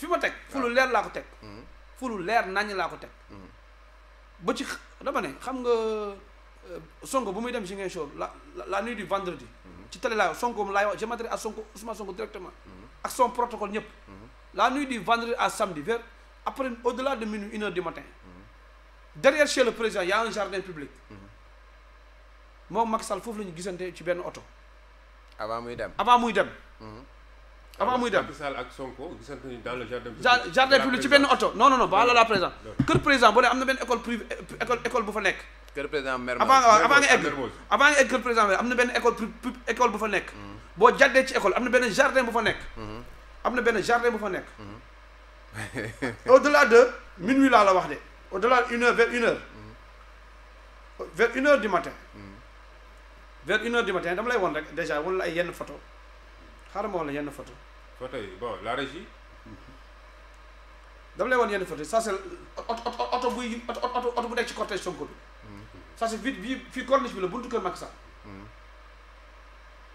fi ma teg fu lu leer laa ko teg mm-hmm. fu lu leer nañ laa ko teg mm-hmm. ba ci dama ne xam nga euh, bu muy dem la nuit du vendredi tu te la Sonko comme laay je m'adresse à Sonko Ousmane Sonko directement mm-hmm. ak son protocole ñëpp la nuit du vendredi à samedi vers après au-delà de minuit une heure du matin derrière chez le président y a un jardin public moom Macky Sall foofu la ñu ci benn avant muy dem avant muy dem avant muy dem ak Sonko gisante ni dans le jardin. jardin public ci ben auto non non non ba la la président kër président boo amna ben école privée école école bu fa nek kër président Mermoz avant avant nga egg avant nga egg kër président amna ben benn école école bu fa nek mm-hmm. bo jadde ci école amna ben jardin bu fa nek mm-hmm. amna ben jardin bu fa nek mm-hmm. au delà de minuit là la wax dé au delà une heure vers 1 heure. vers 1 heure du matin. vers 1 heure du matin dama lay won rek déjà won la ay yenn photo xaaral ma la yenn photo côté bon la régie. dama lay wan yenn photo ça c'est auto oto auto auto oto bu nekk ci côté Sonko bi. Mm-hmm. ça c'est vite bi fi corniche bi la buntu kër Macky Sall. Mm-hmm.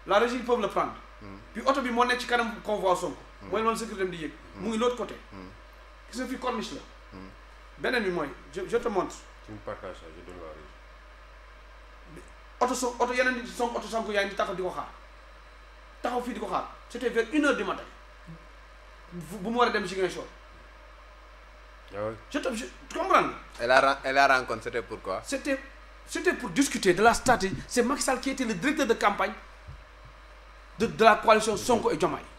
la régie ils peuvent le prendre. Mm-hmm. puis auto bi mo nek ci kanam convoi Sonko. mooy non sécurité dem di yëg. mu ngi l' autre côté. gis nga corniche la. benen bi mooy je te montre. tu me partages ça je donne la régie. auto so oto yeneen di Sonko auto Sonko yaa ngi taxaw di ko xaar taxaw fii di ko xaar c'était vers 1h du matin. Vous mu war a dem je tu comprends. elle a elle a rencontré c'était pourquoi. c'était c'était pour discuter de la stratégie c'est Macky Sall qui était le directeur de campagne de de la coalition Sonko et Diomaye.